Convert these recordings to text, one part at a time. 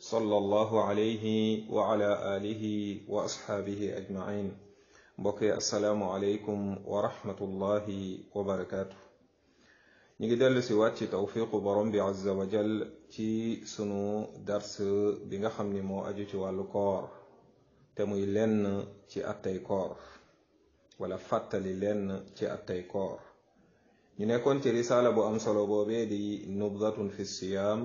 sallallahu alayhi wa ala alihi wa mbokk yi assalaamu aleykum wa rahmatullahi wa barakaatu ñu ngi dellu si waat ci tawfiqu borom bi azza wa jal ci sunu dars bi nga xam ni moo aju ci wàllu koor te muy lenn ci attay koor wala fàttali leen ci attay koor ñu nekkoon ci risaala bu am solo boobee di nubdatun fi siyaam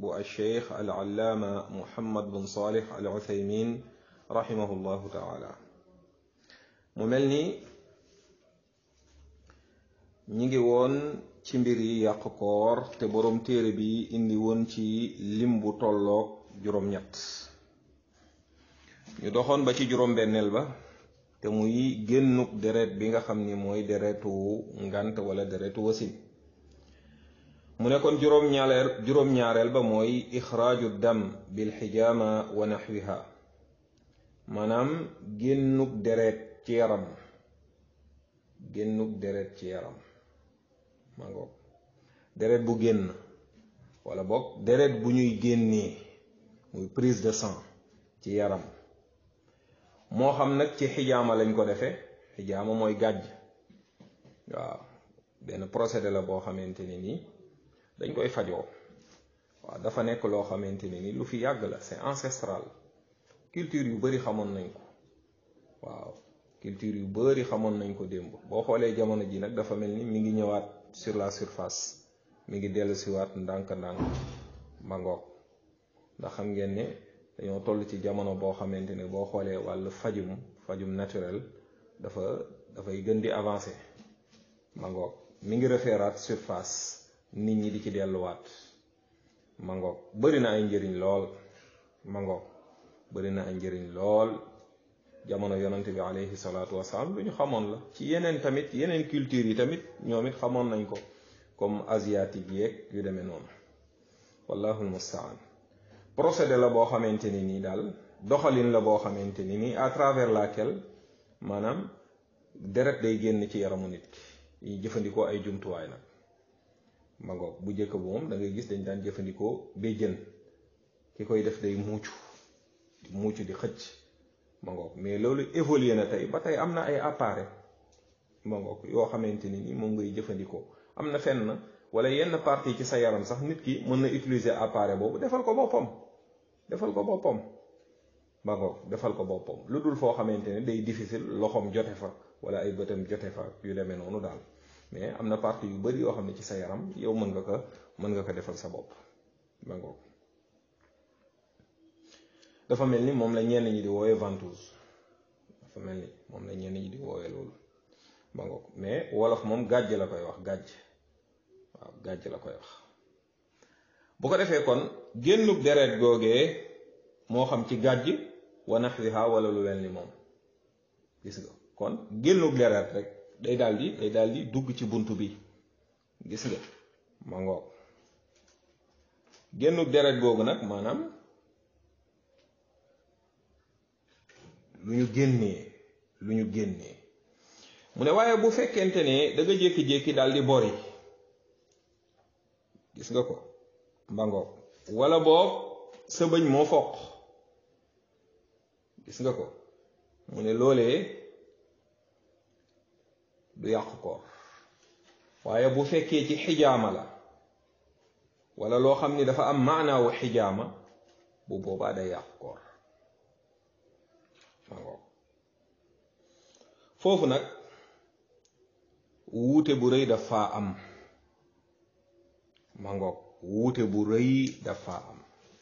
bu al cheikh al allaama muhammad bin salih al uthaymin rahimahullahu taala mu mel ni ñi ngi woon ci mbir yi yàq koor te boroom téere bi indi woon ci lim bu tolloog juróom-ñett ñu doxoon ba ci juróom-benneel ba te muy génnuk deret bi nga xam ni mooy deretu ngant wala deretu wasin mu ne kon juróom-ñaareel ba mooy ixraaju dam bil xijaama wa naxwiha maanaam génnug deret ci yaram génnug deret ci yaram ma deret bu génn walla boog deret bu ñuy génnee muy prise de sang ci yaram moo xam nag ci xijaama lañ ko defee xijaama mooy gàjj waaw benn procédé la boo xamante ne nii dañ koy fajoo waaw dafa nekk loo xamante ni lu fi yàgg la c'est ancestral culture yu bari xamoon nañ ko waaw culture yu bari xamoon nañ ko démb boo xoolee jamono ji nag dafa mel ni mi ngi ñëwaat sur la surface mi ngi dellusiwaat ndànk-ndànk mangoog ndax xam ngeen ni dañoo toll ci jamono boo xamante ne boo xoolee wàll fajum fajum naturel dafa dafay gën di avancé mangoog mi ngi refeeraat surface nit ñi di ci delluwaat mangoog bëri na ay njëriñ lool mangoog bëri na ay njëriñ lool jamono yonent bi alayhi salaatu wasalaam lu ñu xamoon la ci yeneen tamit yeneen culture yi tamit ñoom it xamoon nañ ko comme asiatique yeeg yu demee noonu wallahu almustaan procédé la boo xamante ni nii daal doxalin la boo xamante ni nii à travers laquelle maanaam deret day génn ci yaramu nit ki ñuy jëfandikoo ay jumtuwaay nag ma bu njëkk ba moom da ngay gis dañ daan jëfandikoo jën ki koy def day muucu muucu di xëcc ma mais loolu évolué na tey ba tey am na ay appareil ma yoo xamante ni moom ngay jëfandikoo am na fenn wala yenn partie ci sa yaram sax nit ki mën na utiliser appareil boobu defal ko boppam defal ko boppam ma defal ko boppam lu dul foo xamante ne day difficile loxoom jote fa wala ay bëtam jote fa yu demee noonu daal mais am na partie yu bëri yoo xam ne ci sa yaram yow mën nga ko mën nga ko defal sa bopp ba ngoog dafa mel ni moom la ñenn ñi di woowe ventouse dafa mel ni moom la ñenn ñi di woowe loolu ba ngoog mais wolof moom gàjj la koy wax gàjj waaw gàjj la koy wax bu ko defee kon génnub deret googee moo xam ci gàjj wa naxwiha wala lu wel ni moom gis nga kon génnub deret rek day daal day daal dugg ci bunt bi gis nga ma ngoog génnu deret googu nag maanaam lu ñu génnee lu ñu génnee mu ne waaye bu fekkente ne da nga jékki-jékki daal bori gis nga ko ma walla wala boog sa bëñ moo foq gis nga ko mu ne loolee du yàq waaye bu fekkee ci xijaama la wala loo xam ni dafa am maanaawu xijaama bu boobaa day yàq koor foofu nag wuute bu rëy dafa am mangoog wuute bu rëy am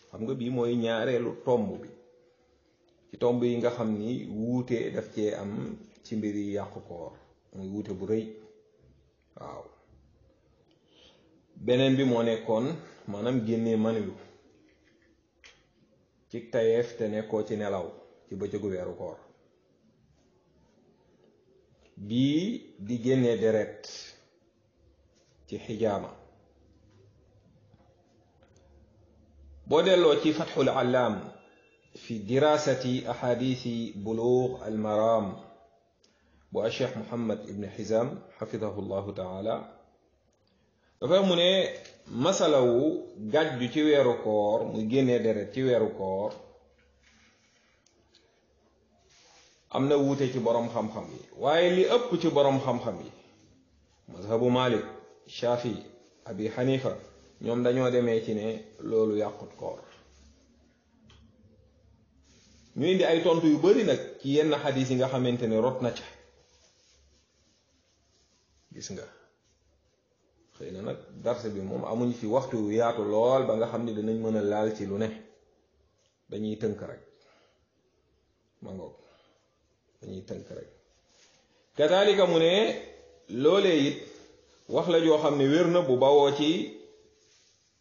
xam nga bii mooy ñaareelu tomb bi ci tomb yi nga xam ni wuute daf cee am ci mbir yi muy wuute bu rëy waaw beneen bi moo nekkoon maanaam génne manilu ci tayeef te nekkoo ci nelaw ci bëccëgu weeru koor bii di génnee deret ci xijaama boo delloo ci fatxul allaam fi dirasati ahadisi bulugh al الشيخ محمد ابن حزام حفظه الله تعالى فهمني مسألة جد جتوى ركور مجنة در جتوى ركور أمنا ووتة برام خم خمي وائلي أب كتو برام خم خمي مذهب مالك شافي أبي حنيفة نيوم دانيو دي ميتيني لولو يقود كور نيوين دي أي تونتو يبرينك كيين حديثي غا خمينتيني رتنا چه gis nga xëy na nag darse bi moom amuñ fi waxtu yaatu lool ba nga xam ni danañ mën a laal ci lu ne dañuy tënk rek ma ngoog dañuy tënk rek kadalika mu ne loolee it wax la joo xam ni wér na bu bawoo ci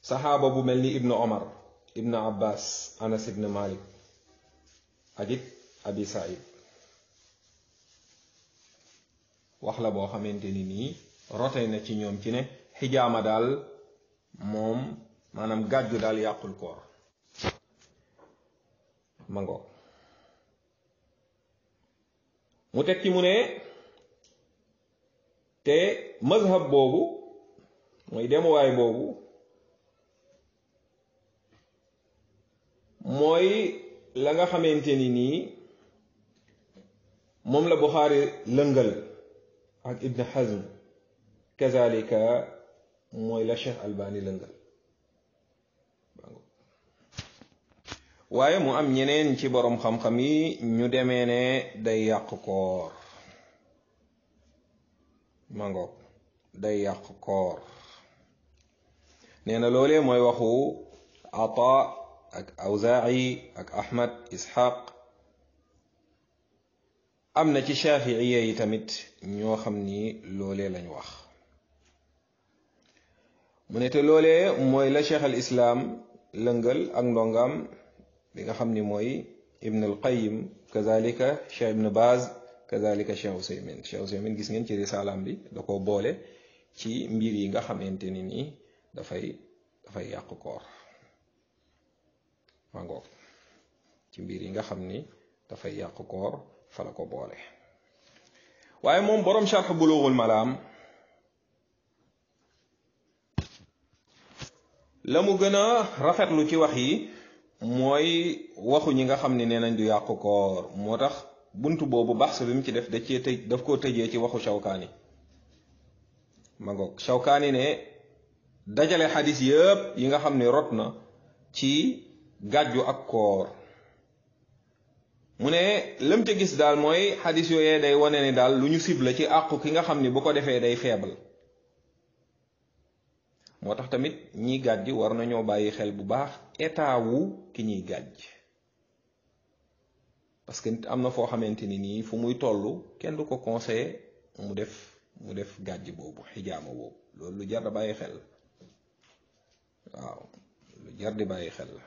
saxaaba bu mel ni ibnu omar ibnu abbas anas ibnu malik ak it abi said wax la boo xamante ni nii rote na ci ñoom ci ne xijaama daal moom maanaam gàjju daal yàqul koor mango mu teg ci mu ne te mazhab boobu mooy demuwaay boobu mooy la nga xamante ni nii moom la Buxaari lëngal ak Ibn Hazm kazalika mooy la Cheikh Albani lëngal waaye mu am ñeneen ci boroom xam-xam yi ñu demee ne day yàq koor day yàq koor nee na loolee mooy waxu Ata ak Awzaa'i ak Ahmad Ishaq am na ci shaafiiye yi tamit ñoo xam ni loole lañu wax mu ne te loolee mooy la cheikh al islaam lëngal ak ndongam bi nga xam ni mooy ibn al qayim kazalika cheikh ibn baaz kazalika cheikh usaymin cheikh usaymin gis ngeen ci risalaam bi da ko boole ci mbir yi nga xamante ni nii dafay dafay yàq koor ma ngoog ci mbir yi nga xam ni dafay yàq koor fala ko boole waaye moom boroom sharx bulughul malaam la mu gën a rafetlu ci wax yi mooy waxu ñi nga xam ne nee nañ du yàqu koor moo tax bunt boobu baxs bi mu ci def da cee daf koo tëjee ci waxu Shawkaani ma ngoog Shawkaani ne dajale xadis yëpp yi nga xam ne rot na ci gàjju ak koor mu ne lam ca gis daal mooy xadis yooyee day wane ni daal lu ñu ciblé ci àqu ki nga xam ni bu ko defee day feebal moo tax tamit ñiy gàjj war nañoo bàyyi xel bu baax état wu ki ñuy gàjj parce que nit am na foo xamante ni nii fu muy tollu kenn du ko conseillé mu def mu def gàjj boobu xijaama boobu loolu lu jar da bàyyi xel waaw lu jar di bàyyi xel la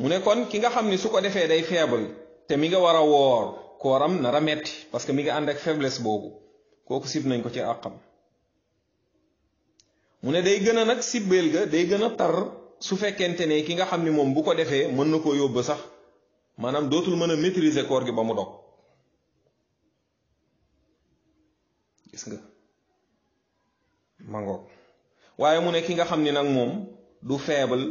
mu ne kon ki nga xam ni su ko defee day faible te mi nga war a woor kooram na a metti parce que mi nga ànd ak faiblesse boobu kooku sib nañ ko ci àqam mu ne day gën a nag sibbeel ga day gën a tar su fekkente ne ki nga xam ni moom bu ko defee mën na koo yóbbu sax maanaam dootul mën a maîtriser koor gi ba mu dog nga mangoog waaye mu ne ki nga xam ni nag moom du faible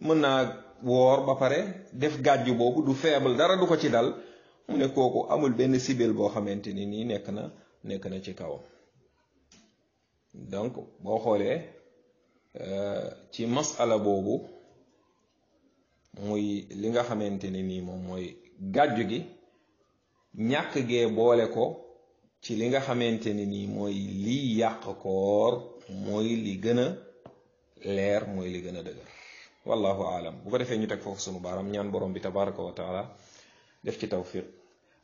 mën naa woor ba pare def gàjju boobu du faible dara du ko ci dal mu ne kooku amul benn sibeel boo xamante ni nii nekk na nekk na ci kawam donc boo xoolee euh, ci masala boobu muy li nga xamante ni nii moom mooy gàjju gi ñàkk gee boole ko ci li nga xamante ni nii mooy lii yàq koor mooy li gën a leer mooy li gën a dëgër wallahu aalam bu ko defee ñu teg foofu sunu baaram ñaan borom bi tabaraka wa taala def ci tawfiq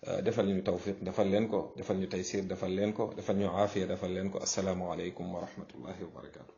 euh, defal ñu tawfiq defal leen ko defal ñu taysir defal leen ko defal ñu aafiya defal leen ko asalaamualeykum wa rahmatullahi wa barakatu